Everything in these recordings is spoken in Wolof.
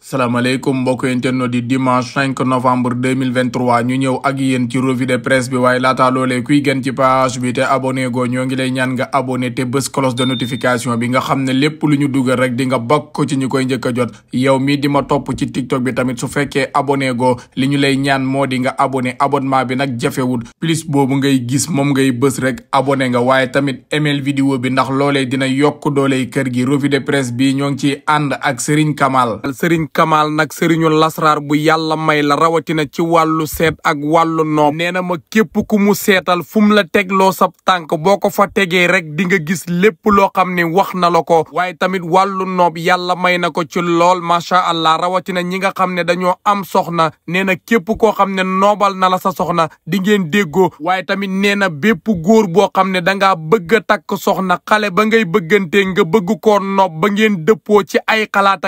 salaamaaleykum mbokk internet di dimanche 5 novembre 2023 ñu ñëw ak yéen ci revue de presse bi waaye laata loolee kuy gën ci page bi te abonné go ñoo ngi lay ñaan nga abonné te bés cloche de notification bi nga xam ne lépp lu ñu dugal rek di nga bokk ci ñu koy njëkk a jot yow mi di ma topp ci tiktok bi tamit su fekkee abonné go li ñu lay ñaan moo di nga abonné abonnement bi nag jafewut plus boobu ngay gis moom ngay bés rek abone nga waaye tamit email vidéo bi ndax loolee dina yokk doole kër gi revue de presse ñoo ngi ciy ànd ak Serigne Kamal Serigne Kamal nag sëriñu lasraar bu yàlla may la rawatina ci wàllu seet ak wàllu noob nee na ma képp ku mu seetal fu mu la tegloo sab tànk boo ko fa tegee rek di nga gis lépp loo xam ne wax na la ko waaye tamit wàllu noob yàlla may na ko ci lool macha allah rawatina ñi nga xam ne dañoo am soxna nee na képp koo xam ne noobal na la sa soxna di ngeen déggoo waaye tamit nee na bépp góor boo xam ne dangaa bëgg a takk soxna xale ba ngay bëggante nga bëgg ko noob ba ngeen dëppoo ci ay xalaat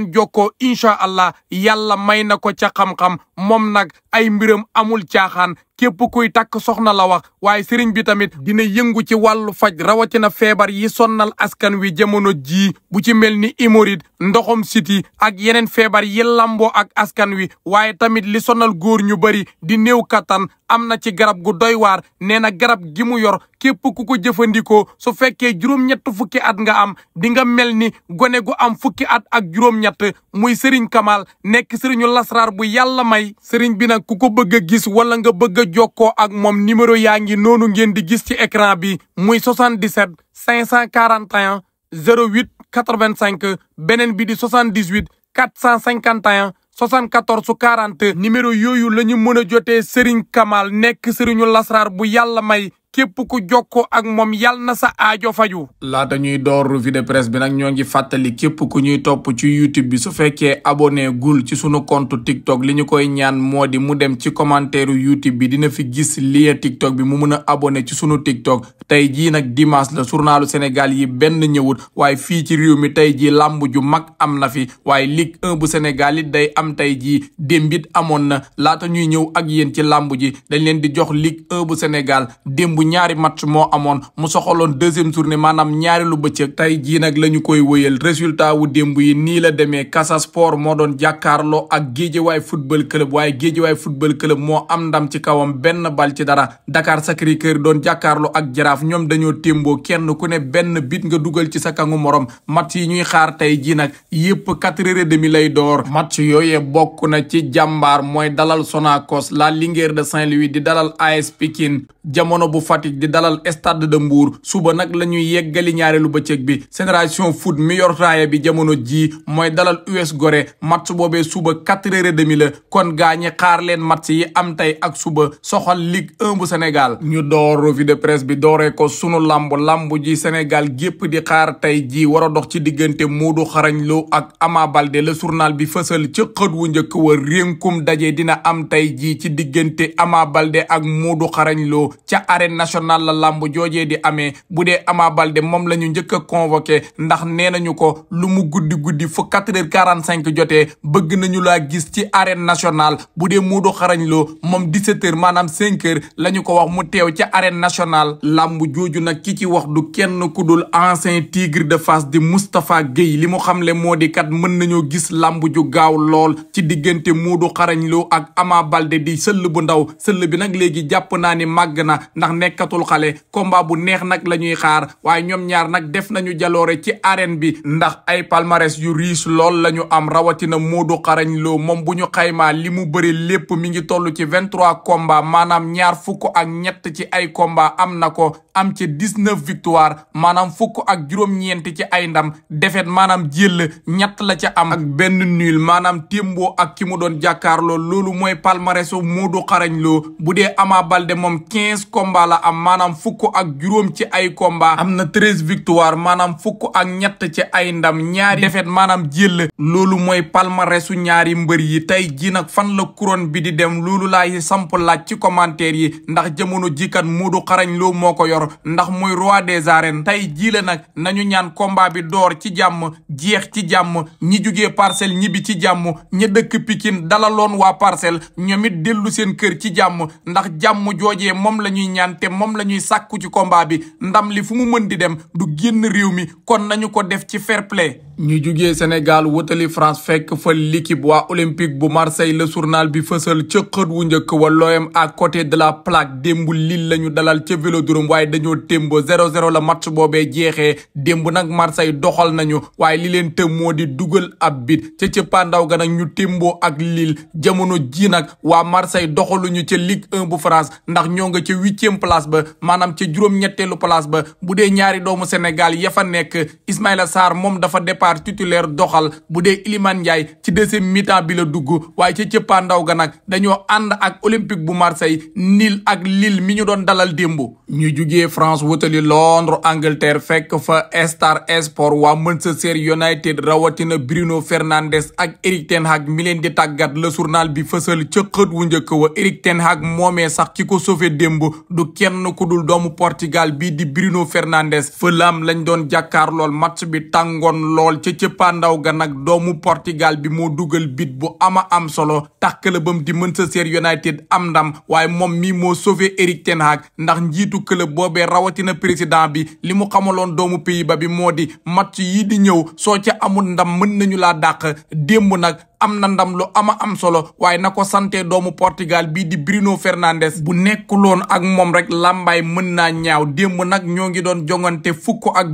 ngeen jokkoo incha allah yàlla may na ko ca xam-xam moom nag ay mbiram amul caaxaan képp kuy takk soxna la wax waaye sëriñ bi tamit dina yëngu ci wàllu faj rawatina feebar yi sonnal askan wi jamono jii bu ci mel ni imorid ndoxom siti ak yeneen feebar yi lamboo ak askan wi waaye tamit li sonal góor ñu bëri di néew kattan am na ci garab gu doywaar waar nee na garab gi mu yor képp ku ko jëfandikoo su fekkee juróom-ñett fukki at nga am di nga mel ni gone gu am fukki at ak juróom-ñett muy Serigne Kamal nekk Serigne Lasrar bu yàlla may sëriñ bi nag ku ko bëgg a gis wala nga bëgg jokkoo ak moom numéro yaa ngi noonu ngeen di gis ci écran bi muy 77 541 08 85 beneen bi di 78 451 74 40 numéro yooyu la ñu mën a jotee Serigne Kamal nekk Serigne Lasrar bu yàlla may képp ku jokkoo ak moom yal na sa aajo faju laata ñuy door revue de bi nag ñoo ngi fàttali képp ku ñuy topp ci youtube bi su fekkee abonné gul ci sunu compte tiktok li ñu koy ñaan moo di mu dem ci commentaire youtube bi dina fi gis lien tiktok bi mu mun a abonné ci sunu tiktok tey jii nag dimanche la journalu sénégal yi benn ñëwut waaye fii ci réew mi tey jii làmb ju mag am na fi waaye ligue bu sénégal it day am tey jii démbit amoon na laata ñuy ñëw ak yéen ci làmb ji dañ leen di jox ligue bu sénégal démb bu ñaari match moo amoon mu soxaloon deuxième journée maanaam ñaari lu bëccëg tey jii nag la ñu koy wëyal résultat wu démb yi nii la demee Casa Sport moo doon jàkkaarloo ak Guédiawaye football club waaye Guédiawaye football club moo am ndam ci kawam benn bal ci dara Dakar Sacré-Cœur doon jàkkaarloo ak Jaraaf ñoom dañoo témboo kenn ku ne benn bit nga dugal ci sa moroom morom match yi ñuy xaar tey jii nag yëpp quatre heures et demi lay door match yooyee bokk na ci jàmbaar mooy dalal Sonacos la Linguère de Saint-Louis di dalal AS Pikine Fatick di dalal stade de Mbour suba nag la ñuy yeggali ba bëccëg bi génération foot mi yor bi jamono jii mooy dalal US Gorée match boobee suba quatre heures et demi la kon gaa xaar leen match yi am tey ak suba soxal Ligue 1 bu ñu door revue de presse bi doore ko sunu lamb lamb ji Sénégal gépp di xaar tey jii war a dox ci diggante Modou Xarañ Lo ak Ama Baldé le journal bi fësal ci xët wu njëkk wa rénkum daje dina am tey jii ci diggante Ama Baldé ak Modou Xarañ national la làmb joojee di amee bu dee Ama Baldé moom la ñu njëkk a convoqué ndax nee nañu ko lu mu guddi guddi fu quatre heures quarante cinq jotee bëgg na ñu laa gis ci arène nationale bu dee Modou Xarañ Lo moom dix-sept heures maanaam cinq la ñu ko wax mu teew ci arène nationale lamb jooju nag ki ci wax du kenn ku dul ancien tigre de Fass di Moustapha Guèye li mu xamle moo di kat mën nañoo gis làmb ju gaaw lool ci diggante Modou Xarañ Lo ak Ama Baldé di sëll ndaw nekkatul xale combat bu neex nag la ñuy xaar waaye ñoom ñaar nag def nañu jaloore ci arène bi ndax ay palmarès yu riis lool la ñu am rawatina Modou xarañ loo moom bu ñu xaymaa li mu bëri lépp mi ngi toll ci vingt-trois combat maanaam ñaar fukk ak ñett ci ay combat am na ko am ci dix-neuf victoire maanaam fukk ak juróom-ñeent ci ay ndam defet maanaam jill ñett la ca am ak benn nul maanaam témboo ak ki mu doon jàkkaarloo loolu mooy palmarèsu Modou xarañ loo bu dee Ama Baldé la am maanaam fukk ak juróom ci ay combat am na treize victoire maanaam fukk ak ñett ci ay ndam ñaari défaite maanaam jël loolu mooy palmarèsu ñaari mbër yi tey ji nag fan la couronne bi di dem loolu laay samp laaj ci commentaire yi ndax jamono jikat Modou Xarañ Lo moo ko yor ndax mooy roi des arènes tey jii la nag nañu ñaan combat bi door ci jàmm jeex ci jàmm ñi jugee parcelle ñibbi ci jàmm ña dëkk Pikine dalaloon waa parcelle ñoom it dellu seen kër ci jàmm ndax jàmm joojee moom la moom la ñuy sàkku ci combat bi ndam li fu mu mën di dem du génn réew mi kon nañu ko def ci fair play ñu jugee Sénégal wutali France fekk fa l'équipe wa olympique bu Marseille la journal bi fësal ca wu njëkk wa l'OM à côté de la plaque démb Lille la ñu dalal ca Vélodrome waaye dañoo témbo 0-0 la match boobee jeexee démb nag Marseille doxal nañu waaye li leen tëm moo di dugal ab bit ca cëppaandaw ga nag ñu témboo ak lil jamono ji nag waa Marseille doxaluñu ca Ligue 1 bu France ndax ñoo nga ca huitième place ba maanaam ca juróom-ñetteelu place ba bu dee ñaari doomu Sénégal ya fa nekk Ismaïla Sarr Sarr titulaire doxal bu dee Iliman Ndiaye ci deuxième mi-temps bi la dugg waaye ca cëppaandaw ga nag dañoo ànd ak Olympique bu Marseille nil ak Lille mi ñu doon dalal démb ñu jugee France wutali Londres Angleterre fekk fa Star Sport waa Manchester United rawatina Bruno Fernandes ak Eric Ten Hag mi leen di tàggat le journal bi fësal ca wu njëkk wa Eric Ten sax ki ko sauvé du kenn ku doomu Portugal bii Bruno Fernandes fëlaam lañ doon lool match bi tàngoon lool ca cëppaandaw ga nag doomu Portugal bi moo dugal bit bu ama am solo tax këlëbam di mën Manchester United am ndam waaye moom mi moo sauvé Eric Ten Hag ndax njiitu këlëb boobee rawatina président bi li mu xamaloon doomu pays ba bi moo di match yi di ñëw soo ca amul ndam mën nañu laa dàq démb nag am na ndam lu ama am solo waaye na ko sante doomu Portugal bii di Bruno Fernandes bu nekkuloon ak moom rek làmbaay mën naa ñaaw démb nag ñoo ngi doon jongante fukk ak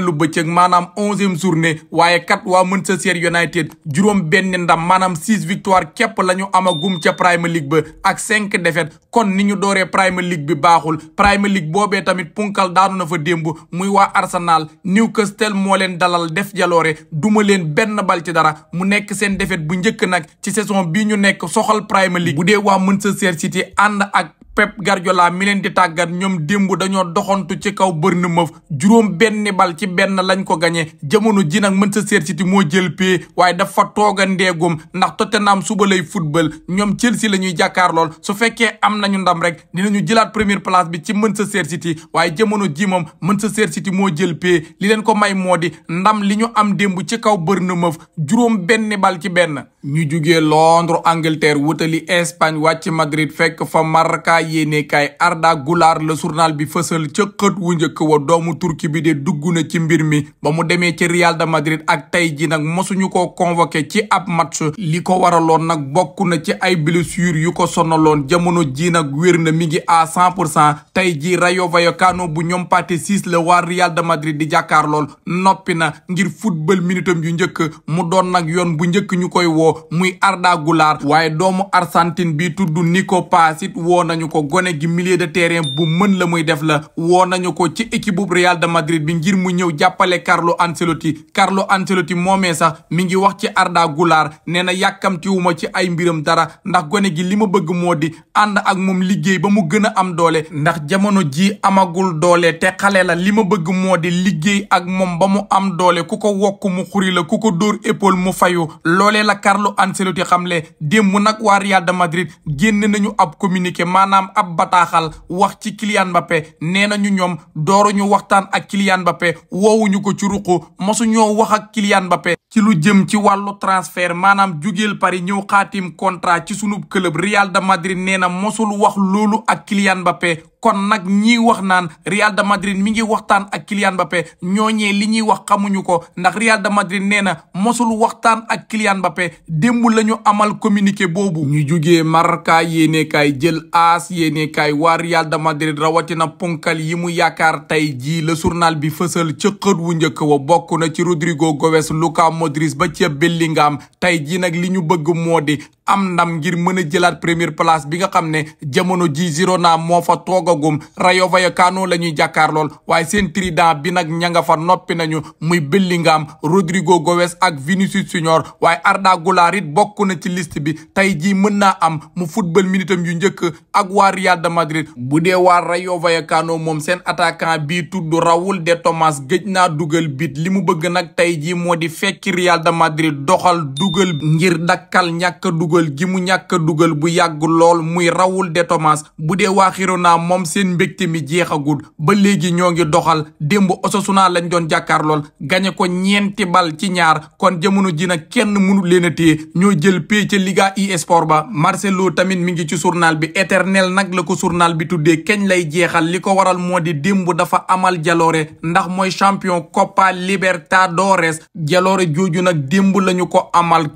lu bëccëg maanaam onzième journée waaye kat waa Manchester United juróom benn ndam maanaam six victoire képp la ñu amagum ca Premier League ba ak cinq défaites kon ni ñu dooree Premier League bi baaxul Premier League boobee tamit punkal daanu na fa démb muy waa Arsenal Newcastle moo leen dalal def jaloore duma leen benn bal ci dara mu nekk seen défaite bu njëkk nag ci saison bii ñu nekk soxal Premier League bu dee waa Manchester City ànd ak Pep Guardiola mi leen di tàggat ñoom démb dañoo doxantu ci kaw Bournemouth juróom benn bal ci benn lañ ko gañe jamono ji nag Manchester City moo jël pee waaye dafa tooga ndeegum ndax Tottenham suba lay football ñoom Chelsea la ñuy jàkkaarlool su fekkee am nañu ndam rek dinañu jëlaat première place bi ci Manchester City waaye jamono ji moom Manchester City moo jël pee li leen ko may moo di ndam li ñu am démb ci kaw Bournemouth juróom benn bal ci benn ñu jugee Londres Angleterre wutali Espagne wàcc Madrid fekk fa Marca yéenekaay Arda Güler la journal bi fësal ca xët wu njëkk wa doomu turki bi de dugg na ci mbir mi ba mu demee ci Real de Madrid ak tey ji nag mosuñu ko convoke ci ab match li ko loon nag bokk na ci ay blessure yu ko sonaloon jamono ji nag wér na mi ngi à cent pour cent tey ji Rayo Vallecano bu ñoom pate six la waa Real de Madrid di jàkkaar lool noppi na ngir football minutam yu njëkk mu doon nag yoon bu njëkk ñu koy woo muy Arda Güler waaye doomu Argentine ko gone gi milieu de terrain bu mën la muy def la woo nañu ko ci équipe bu Real de Madrid bi ngir mu ñëw jàppale Carlo Ancelotti Carlo Ancelotti moomee sax mi ngi wax ci Arda Güler nee na yàkkamtiwuma ci ay mbiram dara ndax gone gi li ma bëgg moo di ànd ak moom liggéey ba mu gën a am doole ndax jamono ji amagul doole te xale la li ma bëgg moo di liggéey ak moom ba mu am doole ku ko wokk mu xuri la ku ko dóor épaule mu fayu loolee la Carlo Ancelotti xamle démb nag waa Real maanaam ab bataaxal wax ci kiliyan Mbappé nee na ñu ñoom dooru ñu waxtaan ak Kylian Mbappé woowuñu ko ci ruqu mosu ñoo wax ak Kylian Mbappé ci lu jëm ci wàllu transfert maanaam jugeel Paris ñëw xaatim contrat ci sunub club Real de Madrid nee na mosul wax loolu ak Kylian Mbappé kon nag ñiy wax naan Real de Madrid mi ngi waxtaan ak Kylian Mbappé ñooñee li ñuy wax xamuñu ko ndax Real de Madrid nee na mosul waxtaan ak Kylian bappe démb la ñu amal communiqué boobu. ñu jugee Marca yéene kaay jël aas yéene kaay waa Real de Madrid rawatina ponkal yi mu yaakaar tey jii la journal bi fësal ca wu njëkk wa bokk na ci Rodrigo Goes Luka Modric ba ca Bellingham tey jii nag li ñu bëgg moo di. am ndam ngir mën a jëlaat première place bi nga xam ne jamono ji Girona moo fa toogagum Rayo Vallecano la ñuy jàkkaar lool waaye seen trident bi nag ña fa noppi nañu muy Bellingham Rodrigo Goes ak Vinicius Junior waaye Arda Güler it bokk na ci list bi tey jii mën naa am mu football minitam yu njëkk ak waa Real de Madrid bu dee waa Rayo Vallecano moom seen attaquant bii tudd rawul de Tomás gëj naa dugal bit li mu bëgg nag tey jii moo di fekk Real de Madrid doxal dugal ngir dakkal ñàkk dug dugal gi mu ñàkk dugal bu yàgg lool muy Raoul de Thomas bu dee waa Girona moom seen mbégte mi jeexagul ba léegi ñoo ngi doxal démb Osasuna lañ doon jàkkaar lool gañe ko ñeenti bal ci ñaar kon jamono ji nag kenn mënu leen a téye ñoo jël pay ci Liga e-Sport ba Marcelo tamit mu ngi ci journal bi éternel nag la ko journal bi tuddee keñ lay jeexal li ko waral moo di démb dafa amal jaloore ndax mooy champion Copa Libertadores jaloore jooju nag démb lañu ko amal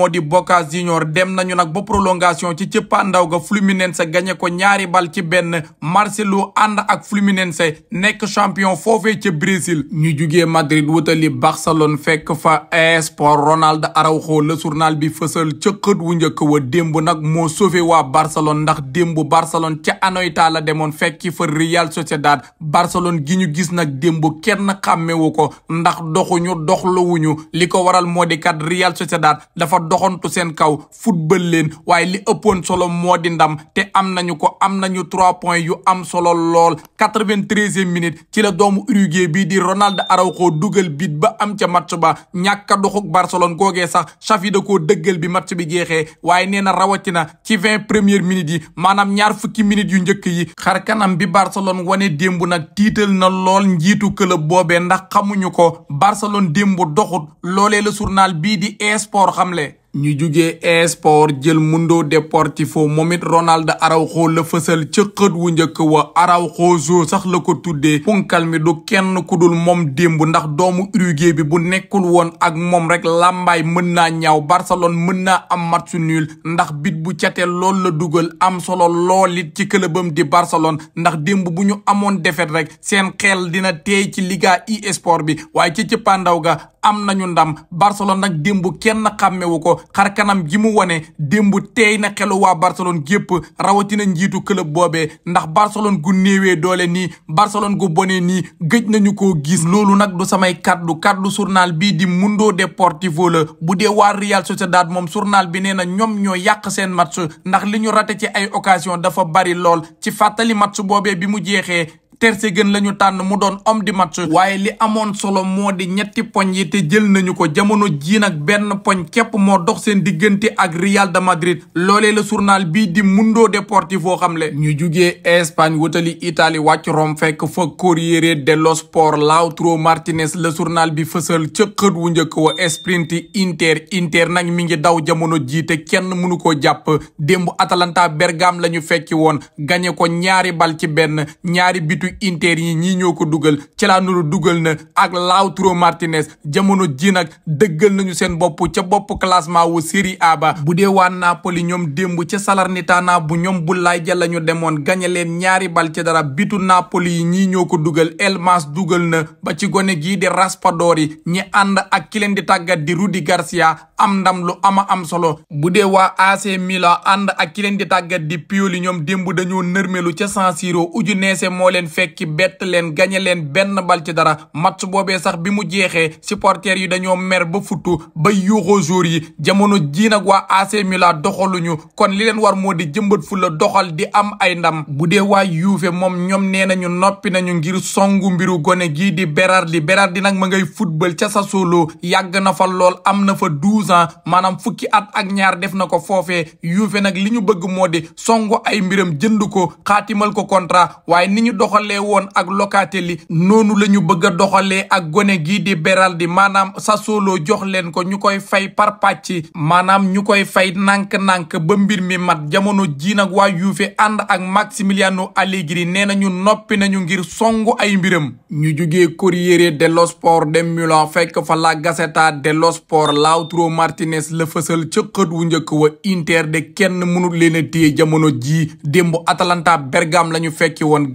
moo di Boca Juniors dem nañu nag ba prolongation ci cëppaandaw ga Fluminense gagné ko ñaari bal ci benn Marcelo ànd ak Fluminense nekk champion foofee ca Brésil ñu jugee Madrid wutali Barcelone fekk fa Esport Ronald Araujo le journal bi fësal ca xët wu njëkk wa démb nag moo sauvé waa Barcelone ndax démb Barcelone ca Anoeta la demoon fekki fa Real Sociedad Barcelone gi ñu gis nag démb kenn xàmmewu ko ndax doxuñu doxluwuñu li ko waral moodi di kat Real Sociedad dafa doxantu seen kaw football leen waaye li ëppoon solo moo di ndam te am nañu ko am nañu trois points yu am solo lool quatre-vingt-treizième minute ci la doomu Uruguay bii di Ronald Araujo dugal bit ba am ca match ba ñàkk a doxuk Barcelone sax Xavi ko koo bi match bi jeexee waaye nee na rawatina ci vingt premières minutes yi maanaam ñaar fukki minutes yu njëkk yi xar kanam bi Barcelone wane démb nag tiital na lool njiitu club boobee ndax xamuñu ko Barcelone démb doxut loolee la bii di esport xamle ñu juge esport jël Mundo Deportivo moom it Ronald Araujo la fësal ca wu njëkk wa Araujo jo sax la ko tuddee punkal mi du kenn ku dul moom démb ndax doomu Uruguay bi bu nekkul woon ak moom rek làmbaay mën naa ñaaw Barcelone mën naa am match nul ndax bit bu cate lool la dugal am solo lool it ci këlëbam di Barcelone ndax dimb bu ñu amoon defet rek seen xel dina teey ci Liga e sport bi waaye ci ci pàndaw ga am nañu ndam Barcelone nag dimb kenn xàmmewu ko xar kanam gi mu wone démb teey na xelu waa Barcelone gépp rawatina njiitu club boobee ndax Barcelone gu néewee doole nii Barcelone gu bone nii gëj nañu koo gis loolu nag du samay kaddu kaddu surnal bii di Mundo Deportivo la bu dee waa Real Sociedad moom journal bi nee na ñoom ñoo yàq seen match ndax li ñu rate ci ay occasion dafa bari lool ci fàttali match boobee bi mu jeexee Ter Stegen la ñu tànn mu doon homme du match waaye li amoon solo moo di ñetti poñ yi te jël nañu ko jamono ji nag benn poñ képp moo dox seen diggante ak Real de Madrid loolee la journal bii di Mundo Deportivo xamle ñu jugee Espagne wutali Italie wàcc Rome fekk fa Corriere dello Sport Lautaro Martinez la journal bi fësal ca xët wu njëkk wa sprint Inter Inter nag mi ngi daw jamono jiite kenn mënu ko jàpp démb Atalanta bergam la ñu fekki woon gañe ko ñaari bal ci benn but Inter yi ñii ko dugal Calhanoglu dugal na ak Lautaro Martinez jamono ji nag dëggal nañu seen bopp ca bopp classement wu Serie A ba bu dee waa Napoli ñoom démb ca Salernitana bu ñoom Boulaye Dia la ñu demoon gañe leen ñaari bal ci dara bitu Napoli yi ñii ñoo ko dugal Elmas dugal na ba ci gone gii di Raspadori ñi ànd ak ki leen di tàggat di Rudi Garcia am ndam lu ama am solo bu dee waa AC Milan ànd di tàggat di Pioli ñoom démb nërmelu ca San Siro Udinese moo fekki bett leen gañe leen benn bal dara match boobee sax bi mu jeexee supporters yi dañoo mer ba futtu ba yuuxoo jour yi jamono jii nag waa AC Milan doxaluñu kon li leen war moo di jëmbat fu doxal di am ay ndam bu dee waa Juve moom ñoom nee nañu noppi nañu ngir songu mbiru gone gii di Berardi Berardi nag ma ngay football ca Sassuolo yàgg na fa lool am na fa douze ans maanaam fukki at ak ñaar def na ko foofee Juve nag li ñu bëgg moo di songu ay mbiram jënd ko doxalee woon ak Locatelli noonu la ñu bëgg a doxalee ak gone gii di Beraldi maanaam Sassuolo jox leen ko ñu koy fay par pàcc maanaam ñu koy fay nànk-nànk ba mbir mi mat jamono jii nag waa Juve ànd ak Maximiliano Allegri nee na ñu noppi nañu ngir songu ay mbiram ñu jugee Corriere dello Sport dem fekk fa la Gazzetta dello Sport Lautaro Martinez la fësal ca xët wu njëkk wa Inter de kenn mënul leen a jamono ji démb Atalanta Bergame la ñu fekki woon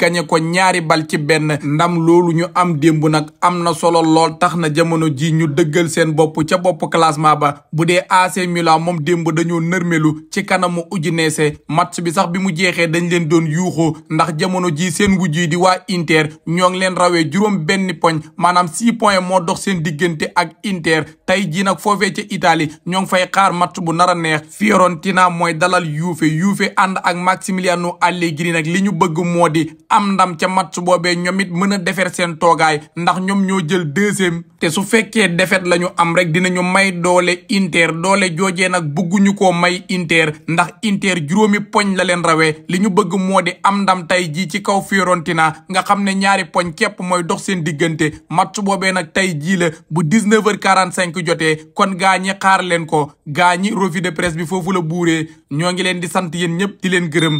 ñaari bal ci benn ndam loolu ñu am démb nag am na solo lool tax na jamono ji ñu dëggal seen bopp ca bopp classement ba bu dee AC Milan moom démb dañoo nërmelu ci kanamu Udinese match bi sax bi mu jeexee dañ leen doon yuuxoo ndax jamono ji seen wujj yi di waa Inter ñoo ngi leen rawee juróom benn poñ maanaam six points moo dox seen diggante ak Inter tey jii nag foofee ca Italie ñoo ngi fay xaar match bu nar a neex Fiorentina mooy dalal Juve Juve ànd ak Massimiliano Allegri nag li ñu bëgg moo di am ndam ca match boobee ñoom it mën a defar seen toogaay ndax ñoom ñoo jël deuxième te su fekkee defet la ñu am rek dinañu may doole Inter doole joojee nag bëgguñu ko may Inter ndax Inter juróomi poñ la leen rawee li ñu bëgg moo di am ndam tey jii ci kaw Fiorentina nga xam ne ñaari poñ képp mooy dox seen diggante match boobee nag tey jii la bu 19 quarante cinq jote kon gaa ñi xaar leen ko gaa ñi revue de presse bi foofu la buuree ñoo ngi leen di sant yeen ñëpp di leen gërëm